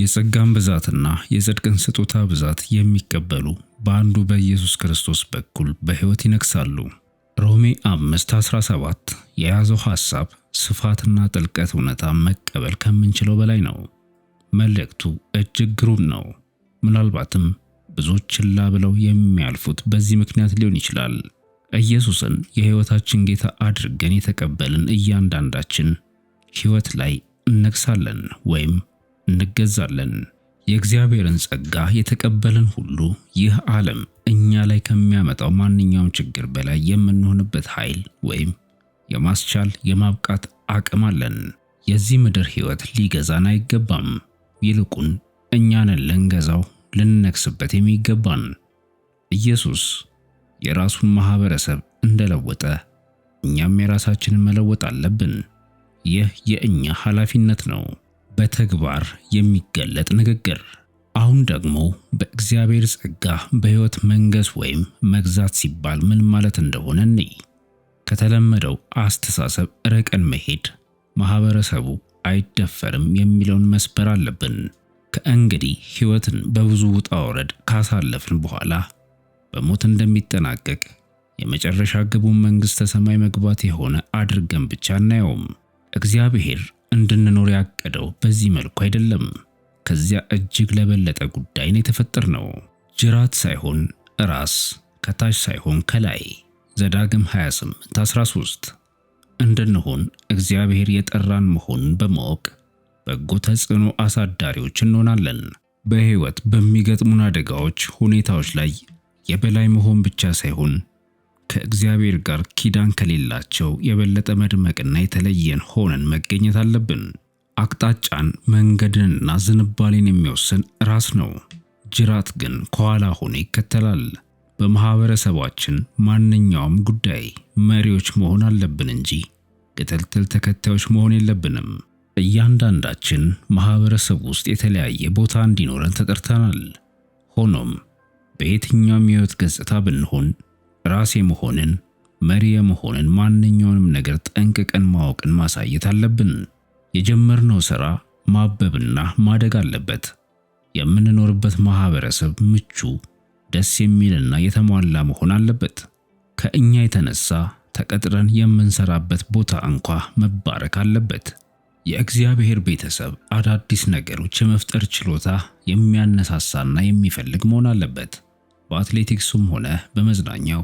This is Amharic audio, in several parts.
የጸጋን ብዛትና የጽድቅን ስጦታ ብዛት የሚቀበሉ በአንዱ በኢየሱስ ክርስቶስ በኩል በሕይወት ይነግሳሉ። ሮሜ 17 የያዘው ሐሳብ ስፋትና ጥልቀት እውነታ መቀበል ከምንችለው በላይ ነው። መልእክቱ እጅግ ግሩም ነው። ምናልባትም ብዙዎች ችላ ብለው የሚያልፉት በዚህ ምክንያት ሊሆን ይችላል። ኢየሱስን የሕይወታችን ጌታ አድርገን የተቀበልን እያንዳንዳችን ሕይወት ላይ እነግሳለን ወይም እንገዛለን። የእግዚአብሔርን ጸጋ የተቀበልን ሁሉ ይህ ዓለም እኛ ላይ ከሚያመጣው ማንኛውም ችግር በላይ የምንሆንበት ኃይል ወይም የማስቻል የማብቃት አቅም አለን። የዚህ ምድር ሕይወት ሊገዛን አይገባም። ይልቁን እኛንን ልንገዛው ልንነግስበት የሚገባን። ኢየሱስ የራሱን ማህበረሰብ እንደለወጠ እኛም የራሳችንን መለወጥ አለብን። ይህ የእኛ ኃላፊነት ነው። በተግባር የሚገለጥ ንግግር። አሁን ደግሞ በእግዚአብሔር ጸጋ በሕይወት መንገስ ወይም መግዛት ሲባል ምን ማለት እንደሆነ እንይ። ከተለመደው አስተሳሰብ ርቀን መሄድ፣ ማህበረሰቡ አይደፈርም የሚለውን መስበር አለብን። ከእንግዲህ ሕይወትን በብዙ ውጣ ወረድ ካሳለፍን በኋላ በሞት እንደሚጠናቀቅ የመጨረሻ ግቡን መንግሥተ ሰማይ መግባት የሆነ አድርገን ብቻ አናየውም። እግዚአብሔር እንድንኖር ያቀደው በዚህ መልኩ አይደለም። ከዚያ እጅግ ለበለጠ ጉዳይ ነው የተፈጠርነው። ጅራት ሳይሆን ራስ፣ ከታች ሳይሆን ከላይ። ዘዳግም 28 13 እንድንሆን እግዚአብሔር የጠራን መሆኑን በማወቅ በጎ ተጽዕኖ አሳዳሪዎች እንሆናለን። በሕይወት በሚገጥሙን አደጋዎች፣ ሁኔታዎች ላይ የበላይ መሆን ብቻ ሳይሆን ከእግዚአብሔር ጋር ኪዳን ከሌላቸው የበለጠ መድመቅና የተለየን ሆነን መገኘት አለብን። አቅጣጫን መንገድንና ዝንባሌን የሚወስን ራስ ነው። ጅራት ግን ከኋላ ሆኖ ይከተላል። በማህበረሰባችን ማንኛውም ጉዳይ መሪዎች መሆን አለብን እንጂ ቅጥልጥል ተከታዮች መሆን የለብንም። እያንዳንዳችን ማህበረሰብ ውስጥ የተለያየ ቦታ እንዲኖረን ተጠርተናል። ሆኖም በየትኛውም የህይወት ገጽታ ብንሆን ራሴ መሆንን መሪ የመሆንን ማንኛውንም ነገር ጠንቅቀን ማወቅን ማሳየት አለብን። የጀመርነው ሥራ ማበብና ማደግ አለበት። የምንኖርበት ማህበረሰብ ምቹ፣ ደስ የሚልና የተሟላ መሆን አለበት። ከእኛ የተነሳ ተቀጥረን የምንሰራበት ቦታ እንኳ መባረክ አለበት። የእግዚአብሔር ቤተሰብ አዳዲስ ነገሮች የመፍጠር ችሎታ የሚያነሳሳና የሚፈልግ መሆን አለበት። በአትሌቲክሱም ሆነ በመዝናኛው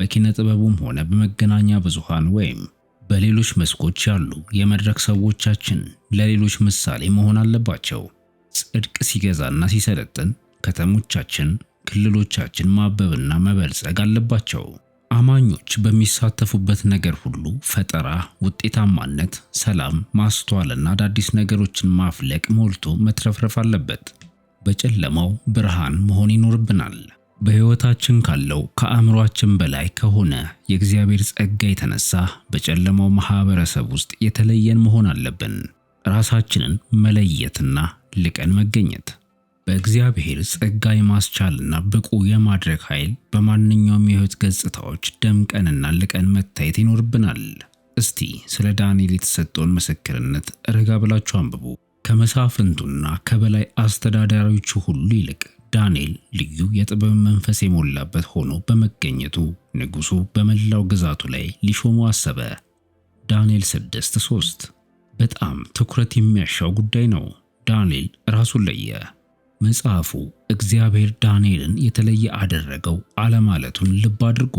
በኪነ ጥበቡም ሆነ በመገናኛ ብዙሃን ወይም በሌሎች መስኮች ያሉ የመድረክ ሰዎቻችን ለሌሎች ምሳሌ መሆን አለባቸው። ጽድቅ ሲገዛና ሲሰለጥን ከተሞቻችን፣ ክልሎቻችን ማበብና መበልጸግ አለባቸው። አማኞች በሚሳተፉበት ነገር ሁሉ ፈጠራ፣ ውጤታማነት፣ ሰላም፣ ማስተዋልና አዳዲስ ነገሮችን ማፍለቅ ሞልቶ መትረፍረፍ አለበት። በጨለማው ብርሃን መሆን ይኖርብናል። በሕይወታችን ካለው ከአእምሯችን በላይ ከሆነ የእግዚአብሔር ጸጋ የተነሳ በጨለማው ማህበረሰብ ውስጥ የተለየን መሆን አለብን። ራሳችንን መለየትና ልቀን መገኘት በእግዚአብሔር ጸጋ የማስቻልና ብቁ የማድረግ ኃይል በማንኛውም የሕይወት ገጽታዎች ደምቀንና ልቀን መታየት ይኖርብናል። እስቲ ስለ ዳንኤል የተሰጠውን ምስክርነት ረጋ ብላችሁ አንብቡ። ከመሳፍንቱና ከበላይ አስተዳዳሪዎቹ ሁሉ ይልቅ ዳንኤል ልዩ የጥበብ መንፈስ የሞላበት ሆኖ በመገኘቱ ንጉሡ በመላው ግዛቱ ላይ ሊሾሙ አሰበ። ዳንኤል 3 በጣም ትኩረት የሚያሻው ጉዳይ ነው። ዳንኤል ራሱን ለየ። መጽሐፉ እግዚአብሔር ዳንኤልን የተለየ አደረገው አለማለቱን ልብ አድርጉ።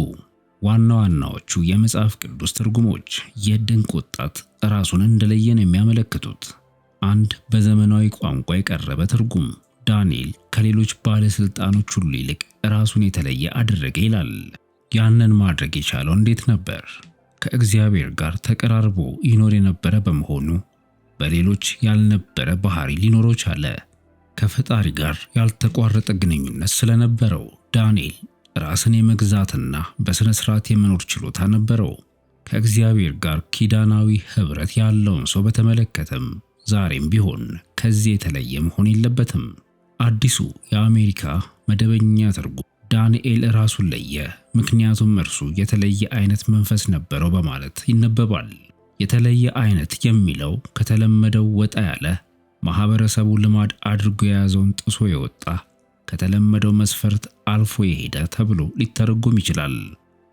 ዋና ዋናዎቹ የመጽሐፍ ቅዱስ ትርጉሞች የድንቅ ወጣት ራሱን እንደለየን የሚያመለክቱት አንድ በዘመናዊ ቋንቋ የቀረበ ትርጉም ዳንኤል ከሌሎች ባለስልጣኖች ሁሉ ይልቅ ራሱን የተለየ አደረገ ይላል። ያንን ማድረግ የቻለው እንዴት ነበር? ከእግዚአብሔር ጋር ተቀራርቦ ይኖር የነበረ በመሆኑ በሌሎች ያልነበረ ባህሪ ሊኖረው ቻለ። ከፈጣሪ ጋር ያልተቋረጠ ግንኙነት ስለነበረው ዳንኤል ራስን የመግዛትና በሥነ ሥርዓት የመኖር ችሎታ ነበረው። ከእግዚአብሔር ጋር ኪዳናዊ ኅብረት ያለውን ሰው በተመለከተም ዛሬም ቢሆን ከዚህ የተለየ መሆን የለበትም። አዲሱ የአሜሪካ መደበኛ ትርጉም ዳንኤል ራሱን ለየ፣ ምክንያቱም እርሱ የተለየ አይነት መንፈስ ነበረው በማለት ይነበባል። የተለየ አይነት የሚለው ከተለመደው ወጣ ያለ ማህበረሰቡ ልማድ አድርጎ የያዘውን ጥሶ የወጣ ከተለመደው መስፈርት አልፎ የሄደ ተብሎ ሊተረጎም ይችላል።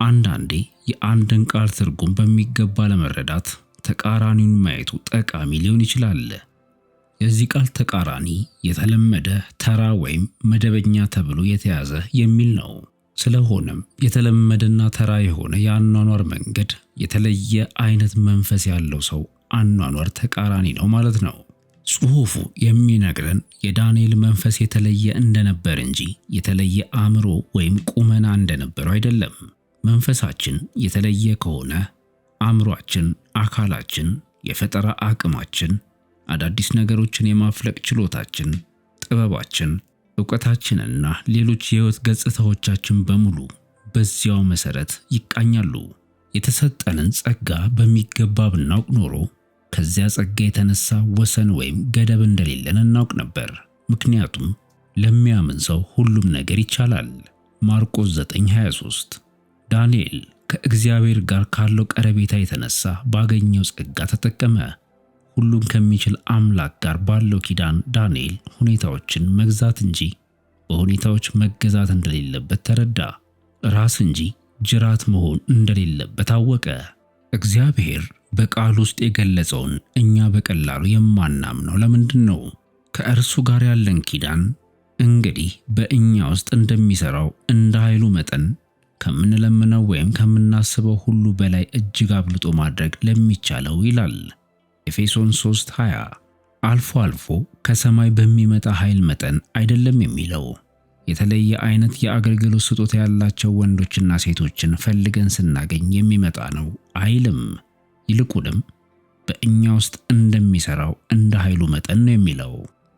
አንዳንዴ የአንድን ቃል ትርጉም በሚገባ ለመረዳት ተቃራኒውን ማየቱ ጠቃሚ ሊሆን ይችላል። የዚህ ቃል ተቃራኒ የተለመደ ተራ ወይም መደበኛ ተብሎ የተያዘ የሚል ነው። ስለሆነም የተለመደና ተራ የሆነ የአኗኗር መንገድ የተለየ አይነት መንፈስ ያለው ሰው አኗኗር ተቃራኒ ነው ማለት ነው። ጽሑፉ የሚነግረን የዳንኤል መንፈስ የተለየ እንደነበር እንጂ የተለየ አእምሮ ወይም ቁመና እንደነበረው አይደለም። መንፈሳችን የተለየ ከሆነ አእምሯችን፣ አካላችን፣ የፈጠራ አቅማችን አዳዲስ ነገሮችን የማፍለቅ ችሎታችን፣ ጥበባችን፣ እውቀታችንና ሌሎች የህይወት ገጽታዎቻችን በሙሉ በዚያው መሰረት ይቃኛሉ። የተሰጠንን ጸጋ በሚገባ ብናውቅ ኖሮ ከዚያ ጸጋ የተነሳ ወሰን ወይም ገደብ እንደሌለን እናውቅ ነበር። ምክንያቱም ለሚያምን ሰው ሁሉም ነገር ይቻላል። ማርቆስ 9:23 ዳንኤል ከእግዚአብሔር ጋር ካለው ቀረቤታ የተነሳ ባገኘው ጸጋ ተጠቀመ። ሁሉን ከሚችል አምላክ ጋር ባለው ኪዳን ዳንኤል ሁኔታዎችን መግዛት እንጂ በሁኔታዎች መገዛት እንደሌለበት ተረዳ። ራስ እንጂ ጅራት መሆን እንደሌለበት አወቀ። እግዚአብሔር በቃል ውስጥ የገለጸውን እኛ በቀላሉ የማናምነው ለምንድን ነው? ከእርሱ ጋር ያለን ኪዳን እንግዲህ በእኛ ውስጥ እንደሚሰራው እንደ ኃይሉ መጠን ከምንለምነው ወይም ከምናስበው ሁሉ በላይ እጅግ አብልጦ ማድረግ ለሚቻለው ይላል። ኤፌሶን 3:20 አልፎ አልፎ ከሰማይ በሚመጣ ኃይል መጠን አይደለም የሚለው። የተለየ አይነት የአገልግሎት ስጦታ ያላቸው ወንዶችና ሴቶችን ፈልገን ስናገኝ የሚመጣ ነው አይልም። ይልቁንም በእኛ ውስጥ እንደሚሰራው እንደ ኃይሉ መጠን ነው የሚለው።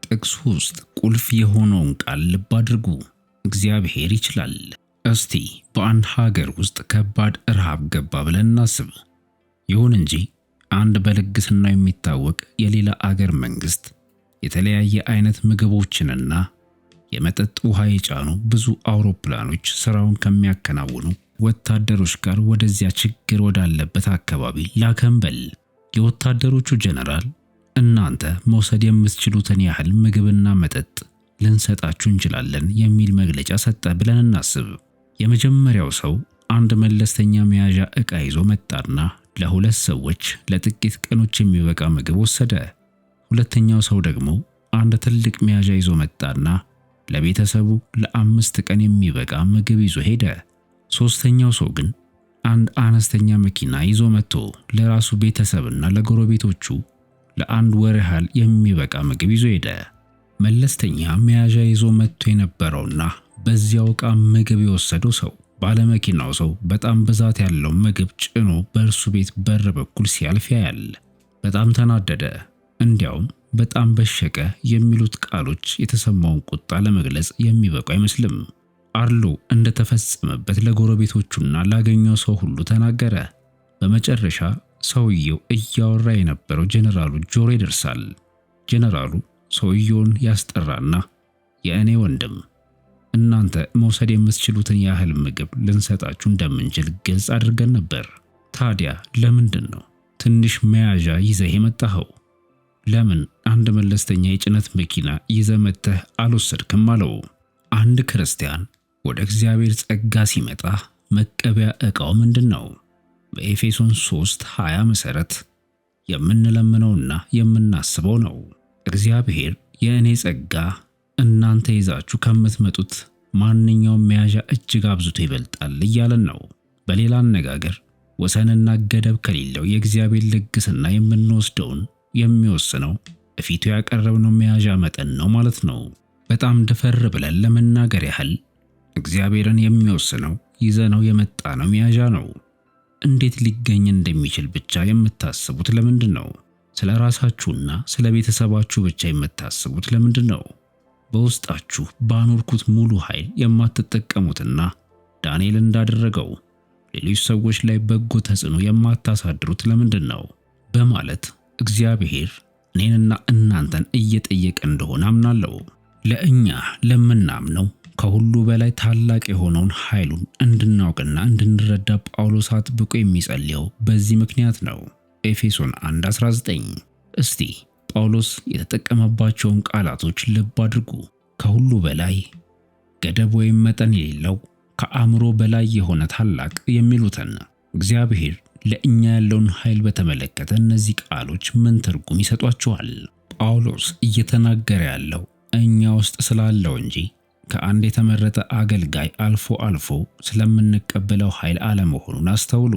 ጥቅሱ ውስጥ ቁልፍ የሆነውን ቃል ልብ አድርጉ። እግዚአብሔር ይችላል። እስቲ በአንድ ሀገር ውስጥ ከባድ ረሃብ ገባ ብለን እናስብ። ይሁን እንጂ አንድ በልግስናው የሚታወቅ የሌላ አገር መንግስት የተለያየ አይነት ምግቦችንና የመጠጥ ውሃ የጫኑ ብዙ አውሮፕላኖች ስራውን ከሚያከናውኑ ወታደሮች ጋር ወደዚያ ችግር ወዳለበት አካባቢ ላከንበል። የወታደሮቹ ጀነራል እናንተ መውሰድ የምትችሉትን ያህል ምግብና መጠጥ ልንሰጣችሁ እንችላለን የሚል መግለጫ ሰጠ ብለን እናስብ። የመጀመሪያው ሰው አንድ መለስተኛ መያዣ ዕቃ ይዞ መጣና ለሁለት ሰዎች ለጥቂት ቀኖች የሚበቃ ምግብ ወሰደ። ሁለተኛው ሰው ደግሞ አንድ ትልቅ መያዣ ይዞ መጣና ለቤተሰቡ ለአምስት ቀን የሚበቃ ምግብ ይዞ ሄደ። ሶስተኛው ሰው ግን አንድ አነስተኛ መኪና ይዞ መጥቶ ለራሱ ቤተሰብና ለጎረቤቶቹ ለአንድ ወር ያህል የሚበቃ ምግብ ይዞ ሄደ። መለስተኛ መያዣ ይዞ መጥቶ የነበረውና በዚያው ዕቃ ምግብ የወሰደው ሰው ባለመኪናው ሰው በጣም ብዛት ያለው ምግብ ጭኖ በእርሱ ቤት በር በኩል ሲያልፍ ያያል። በጣም ተናደደ፣ እንዲያውም በጣም በሸቀ የሚሉት ቃሎች የተሰማውን ቁጣ ለመግለጽ የሚበቁ አይመስልም። አርሎ እንደተፈጸመበት ለጎረቤቶቹና ላገኘው ሰው ሁሉ ተናገረ። በመጨረሻ ሰውየው እያወራ የነበረው ጀነራሉ ጆሮ ይደርሳል። ጀነራሉ ሰውየውን ያስጠራና የእኔ ወንድም እናንተ መውሰድ የምትችሉትን ያህል ምግብ ልንሰጣችሁ እንደምንችል ግልጽ አድርገን ነበር። ታዲያ ለምንድን ነው ትንሽ መያዣ ይዘህ የመጣኸው? ለምን አንድ መለስተኛ የጭነት መኪና ይዘህ መጥተህ አልወሰድክም? አለው። አንድ ክርስቲያን ወደ እግዚአብሔር ጸጋ ሲመጣ መቀበያ ዕቃው ምንድን ነው? በኤፌሶን 3 20 መሠረት የምንለምነውና የምናስበው ነው። እግዚአብሔር የእኔ ጸጋ እናንተ ይዛችሁ ከምትመጡት ማንኛውም መያዣ እጅግ አብዝቶ ይበልጣል እያለን ነው። በሌላ አነጋገር ወሰንና ገደብ ከሌለው የእግዚአብሔር ልግስና የምንወስደውን የሚወስነው እፊቱ ያቀረብነው መያዣ መጠን ነው ማለት ነው። በጣም ደፈር ብለን ለመናገር ያህል እግዚአብሔርን የሚወስነው ይዘነው የመጣ ነው መያዣ ነው። እንዴት ሊገኝ እንደሚችል ብቻ የምታስቡት ለምንድን ነው? ስለ ራሳችሁና ስለ ቤተሰባችሁ ብቻ የምታስቡት ለምንድን ነው? በውስጣችሁ ባኖርኩት ሙሉ ኃይል የማትጠቀሙትና ዳንኤል እንዳደረገው ሌሎች ሰዎች ላይ በጎ ተጽዕኖ የማታሳድሩት ለምንድን ነው? በማለት እግዚአብሔር እኔንና እናንተን እየጠየቀ እንደሆነ አምናለሁ። ለእኛ ለምናምነው ከሁሉ በላይ ታላቅ የሆነውን ኃይሉን እንድናውቅና እንድንረዳ ጳውሎስ አጥብቆ የሚጸልየው በዚህ ምክንያት ነው። ኤፌሶን 1:19 እስቲ ጳውሎስ የተጠቀመባቸውን ቃላቶች ልብ አድርጉ። ከሁሉ በላይ ገደብ ወይም መጠን የሌለው ከአእምሮ በላይ የሆነ ታላቅ የሚሉትን እግዚአብሔር ለእኛ ያለውን ኃይል በተመለከተ እነዚህ ቃሎች ምን ትርጉም ይሰጧችኋል? ጳውሎስ እየተናገረ ያለው እኛ ውስጥ ስላለው እንጂ ከአንድ የተመረጠ አገልጋይ አልፎ አልፎ ስለምንቀበለው ኃይል አለመሆኑን አስተውሉ።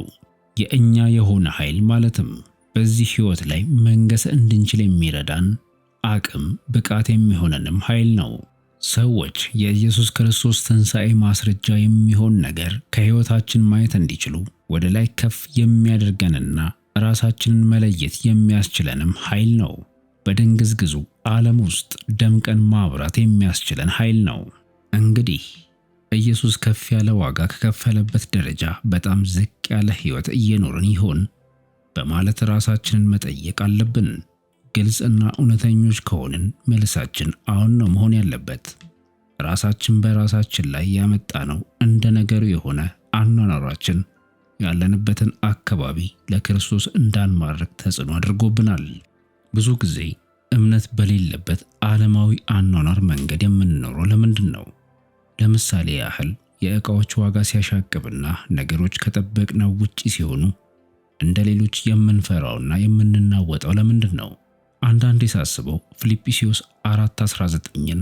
የእኛ የሆነ ኃይል ማለትም በዚህ ህይወት ላይ መንገስ እንድንችል የሚረዳን አቅም፣ ብቃት የሚሆነንም ኃይል ነው። ሰዎች የኢየሱስ ክርስቶስ ትንሣኤ ማስረጃ የሚሆን ነገር ከህይወታችን ማየት እንዲችሉ ወደ ላይ ከፍ የሚያደርገንና ራሳችንን መለየት የሚያስችለንም ኃይል ነው። በድንግዝግዙ ዓለም ውስጥ ደምቀን ማብራት የሚያስችለን ኃይል ነው። እንግዲህ ኢየሱስ ከፍ ያለ ዋጋ ከከፈለበት ደረጃ በጣም ዝቅ ያለ ህይወት እየኖርን ይሆን? በማለት ራሳችንን መጠየቅ አለብን። ግልጽና እውነተኞች ከሆንን መልሳችን አሁን ነው መሆን ያለበት። ራሳችን በራሳችን ላይ ያመጣነው እንደ ነገሩ የሆነ አኗኗራችን ያለንበትን አካባቢ ለክርስቶስ እንዳንማርክ ተጽዕኖ አድርጎብናል። ብዙ ጊዜ እምነት በሌለበት ዓለማዊ አኗኗር መንገድ የምንኖረው ለምንድን ነው? ለምሳሌ ያህል የዕቃዎች ዋጋ ሲያሻቅብና ነገሮች ከጠበቅነው ውጪ ሲሆኑ እንደ ሌሎች የምንፈራውና የምንናወጠው ለምንድን ነው? አንዳንዴ ሳስበው ፊልጵስዩስ 4:19ን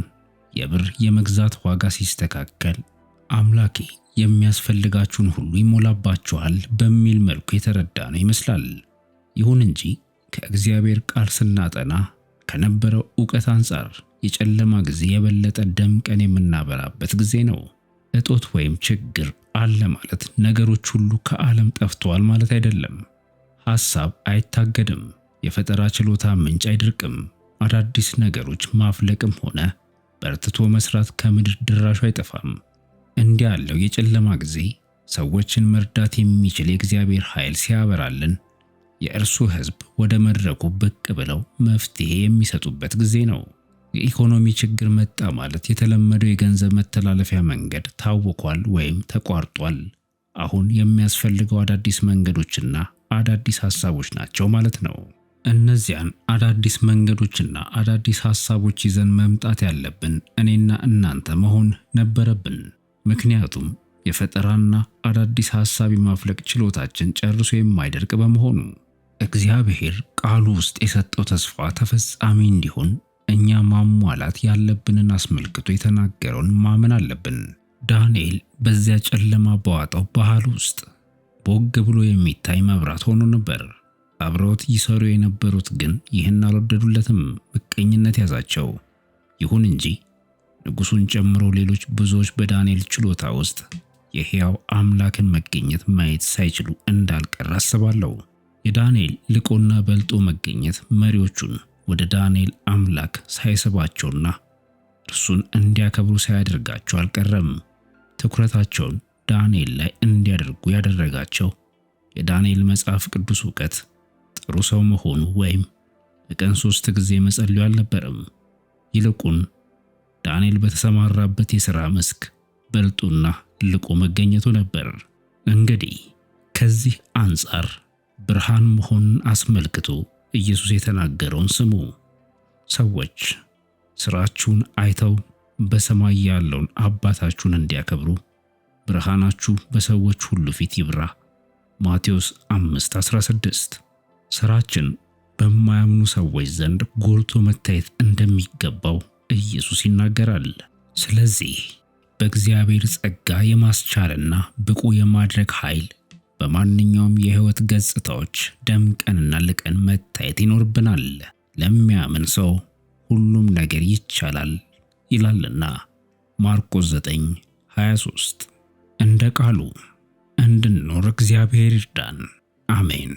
የብር የመግዛት ዋጋ ሲስተካከል አምላኬ የሚያስፈልጋችሁን ሁሉ ይሞላባችኋል በሚል መልኩ የተረዳ ነው ይመስላል። ይሁን እንጂ ከእግዚአብሔር ቃል ስናጠና ከነበረው ዕውቀት አንጻር የጨለማ ጊዜ የበለጠ ደምቀን የምናበራበት ጊዜ ነው። እጦት ወይም ችግር አለ ማለት ነገሮች ሁሉ ከዓለም ጠፍተዋል ማለት አይደለም። ሐሳብ አይታገድም፣ የፈጠራ ችሎታ ምንጭ አይድርቅም። አዳዲስ ነገሮች ማፍለቅም ሆነ በርትቶ መስራት ከምድር ድራሹ አይጠፋም። እንዲህ ያለው የጨለማ ጊዜ ሰዎችን መርዳት የሚችል የእግዚአብሔር ኃይል ሲያበራልን የእርሱ ሕዝብ ወደ መድረኩ ብቅ ብለው መፍትሄ የሚሰጡበት ጊዜ ነው። የኢኮኖሚ ችግር መጣ ማለት የተለመደው የገንዘብ መተላለፊያ መንገድ ታውቋል ወይም ተቋርጧል። አሁን የሚያስፈልገው አዳዲስ መንገዶችና አዳዲስ ሀሳቦች ናቸው ማለት ነው። እነዚያን አዳዲስ መንገዶችና አዳዲስ ሀሳቦች ይዘን መምጣት ያለብን እኔና እናንተ መሆን ነበረብን። ምክንያቱም የፈጠራና አዳዲስ ሀሳብ የማፍለቅ ችሎታችን ጨርሶ የማይደርቅ በመሆኑ እግዚአብሔር ቃሉ ውስጥ የሰጠው ተስፋ ተፈጻሚ እንዲሆን እኛ ማሟላት ያለብንን አስመልክቶ የተናገረውን ማመን አለብን። ዳንኤል በዚያ ጨለማ በዋጠው ባህል ውስጥ ቦግ ብሎ የሚታይ መብራት ሆኖ ነበር። አብረውት ይሰሩ የነበሩት ግን ይህን አልወደዱለትም። ምቀኝነት ያዛቸው። ይሁን እንጂ ንጉሱን ጨምሮ ሌሎች ብዙዎች በዳንኤል ችሎታ ውስጥ የሕያው አምላክን መገኘት ማየት ሳይችሉ እንዳልቀር አስባለሁ። የዳንኤል ልቆና በልጦ መገኘት መሪዎቹን ወደ ዳንኤል አምላክ ሳይስባቸውና እርሱን እንዲያከብሩ ሳያደርጋቸው አልቀረም። ትኩረታቸውን ዳንኤል ላይ እንዲያደርጉ ያደረጋቸው የዳንኤል መጽሐፍ ቅዱስ እውቀት፣ ጥሩ ሰው መሆኑ ወይም በቀን ሶስት ጊዜ መጸለዩ አልነበረም። ይልቁን ዳንኤል በተሰማራበት የሥራ መስክ በልጦና ልቆ መገኘቱ ነበር። እንግዲህ ከዚህ አንጻር ብርሃን መሆንን አስመልክቶ ኢየሱስ የተናገረውን ስሙ። ሰዎች ሥራችሁን አይተው በሰማይ ያለውን አባታችሁን እንዲያከብሩ ብርሃናችሁ በሰዎች ሁሉ ፊት ይብራ። ማቴዎስ 5:16 ሥራችን በማያምኑ ሰዎች ዘንድ ጎልቶ መታየት እንደሚገባው ኢየሱስ ይናገራል። ስለዚህ በእግዚአብሔር ጸጋ የማስቻልና ብቁ የማድረግ ኃይል በማንኛውም የህይወት ገጽታዎች ደምቀንና ልቀን መታየት ይኖርብናል። ለሚያምን ሰው ሁሉም ነገር ይቻላል ይላልና ማርቆስ 23 እንደ ቃሉ እንድንኖር እግዚአብሔር ይርዳን። አሜን።